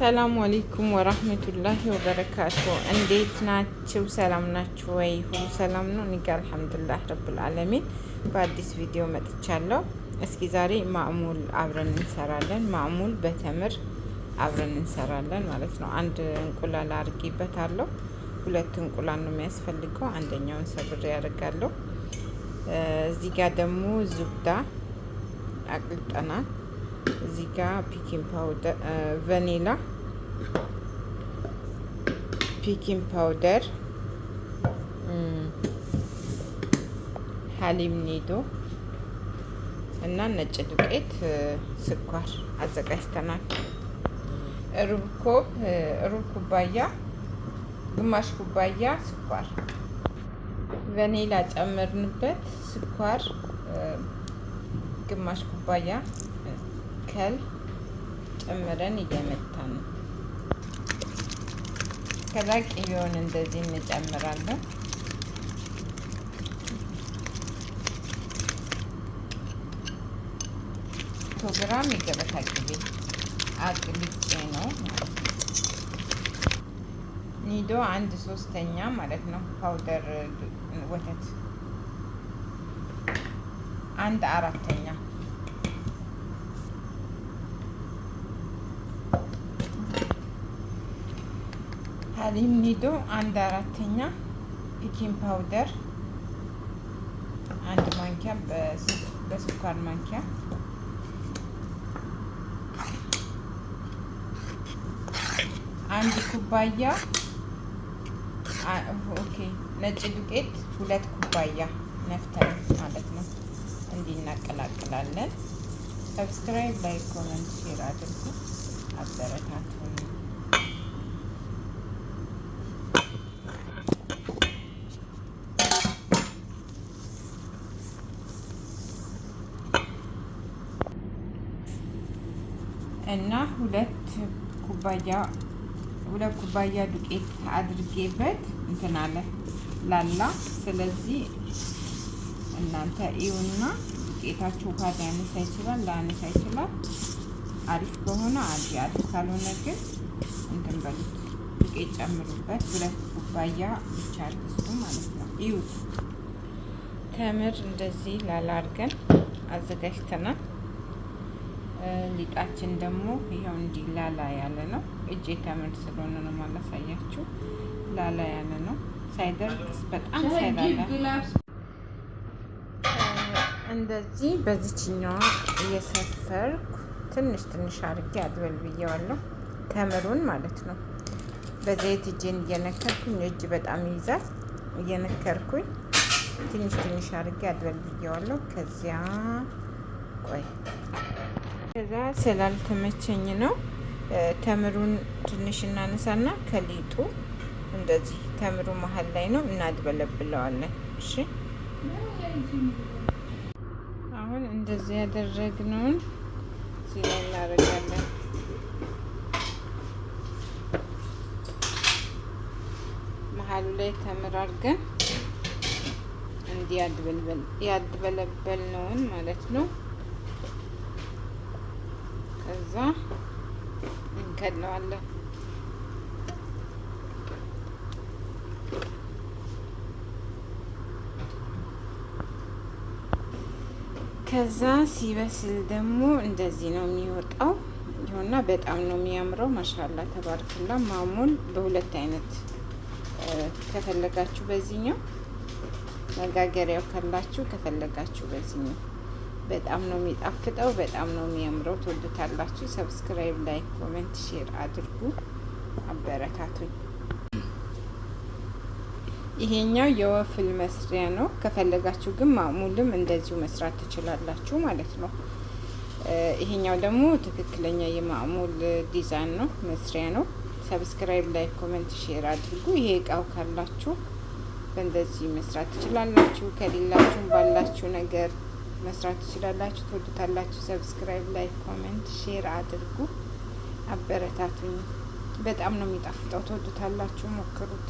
ሰላሙ አሌይኩም ወራህመቱላሂ ወበረካቱ። እንዴት ናችሁ? ሰላም ናችሁ ወይ? ሁሉ ሰላም ነው? እኔ ጋር አልሐምዱሊላህ ረብል አለሚን በአዲስ ቪዲዮ መጥቻለሁ። እስኪ ዛሬ ማዕሙል አብረን እንሰራለን። ማዕሙል በተምር አብረን እንሰራለን ማለት ነው። አንድ እንቁላል አድርጌበታለሁ። ሁለት እንቁላል ነው የሚያስፈልገው። አንደኛውን ሰብሬ ያደርጋለሁ። እዚህ ጋር ደግሞ ዙብዳ አቅልጠናል። እዚህ ጋር ፒኪንግ ፓውደር ቫኒላ ፒኪንግ ፓውደር ሀሊም ኒዶ እና ነጭ ዱቄት ስኳር አዘጋጅተናል። ሩብ ኮብ ሩብ ኩባያ ግማሽ ኩባያ ስኳር ቫኒላ ጨመርንበት። ስኳር ግማሽ ኩባያ ማዕከል ጨምረን እየመታን ነው። ከዛ ቅቤውን እንደዚህ እንጨምራለን። መቶ ግራም የገበታ ቅቤ አቅልጬ ነው ነው። ኒዶ አንድ ሶስተኛ ማለት ነው። ፓውደር ወተት አንድ አራተኛ ሀሊም ኒዶ አንድ አራተኛ ፒኪን ፓውደር አንድ ማንኪያ በስኳር ማንኪያ አንድ ኩባያ ኦኬ ነጭ ዱቄት ሁለት ኩባያ ነፍተን ማለት ነው። እንዲናቀላቅላለን። ሰብስክራይብ ላይ ኮመንት ሼር አድርጉ። እና ሁለት ኩባያ ሁለት ኩባያ ዱቄት አድርጌበት እንትን አለ ላላ። ስለዚህ እናንተ እዩና ዱቄታችሁ ውሃ ሊያነሳ ይችላል፣ ላያነሳ ይችላል። አሪፍ ከሆነ አሪፍ፣ አሪፍ ካልሆነ ግን እንትን በሉት። ዱቄት ጨምሩበት። ሁለት ኩባያ ብቻ አድርጉ ማለት ነው። እዩት። ተምር እንደዚህ ላላ አድርገን አዘጋጅተናል። ሊጣችን ደግሞ ይኸው እንዲህ ላላ ያለ ነው። እጄ ተምር ስለሆነ ነው ማላሳያችሁ። ላላ ያለ ነው ሳይደርቅ በጣም ሳይላላ እንደዚህ በዚችኛዋ እየሰፈርኩ ትንሽ ትንሽ አድርጌ አድበል ብየዋለሁ። ተምሩን ማለት ነው። በዘይት እጄን እየነከርኩኝ እጅ በጣም ይይዛል። እየነከርኩኝ ትንሽ ትንሽ አድርጌ አድበል ብየዋለሁ። ከዚያ ቆይ ከዛ ስላልተመቸኝ ነው። ተምሩን ትንሽ እናነሳና ከሊጡ እንደዚህ ተምሩ መሀል ላይ ነው እናድበለብለዋለን። እሺ አሁን እንደዚህ ያደረግነውን ነውን እናደርጋለን። መሀሉ ላይ ተምር አድርገን እንዲህ ያድበለበልነውን ማለት ነው እዛ እንከድነዋለን። ከዛ ሲበስል ደግሞ እንደዚህ ነው የሚወጣው። ይሁና በጣም ነው የሚያምረው። ማሻላ ተባርክላ። ማሙን በሁለት አይነት ከፈለጋችሁ በዚህኛው መጋገሪያው ካላችሁ ከፈለጋችሁ በዚህኛው በጣም ነው የሚጣፍጠው፣ በጣም ነው የሚያምረው። ትወዱታላችሁ። ሰብስክራይብ፣ ላይክ፣ ኮሜንት፣ ሼር አድርጉ፣ አበረታቱኝ። ይሄኛው የወፍል መስሪያ ነው። ከፈለጋችሁ ግን ማሙልም እንደዚሁ መስራት ትችላላችሁ ማለት ነው። ይሄኛው ደግሞ ትክክለኛ የማሙል ዲዛይን ነው፣ መስሪያ ነው። ሰብስክራይብ ላይ ኮሜንት ሼር አድርጉ። ይሄ እቃው ካላችሁ በእንደዚህ መስራት ትችላላችሁ። ከሌላችሁም ባላችሁ ነገር መስራት ትችላላችሁ። ትወዱታላችሁ። ሰብስክራይብ፣ ላይክ፣ ኮሜንት፣ ሼር አድርጉ። አበረታቱኝ። በጣም ነው የሚጣፍጠው። ትወዱታላችሁ። ሞክሩት።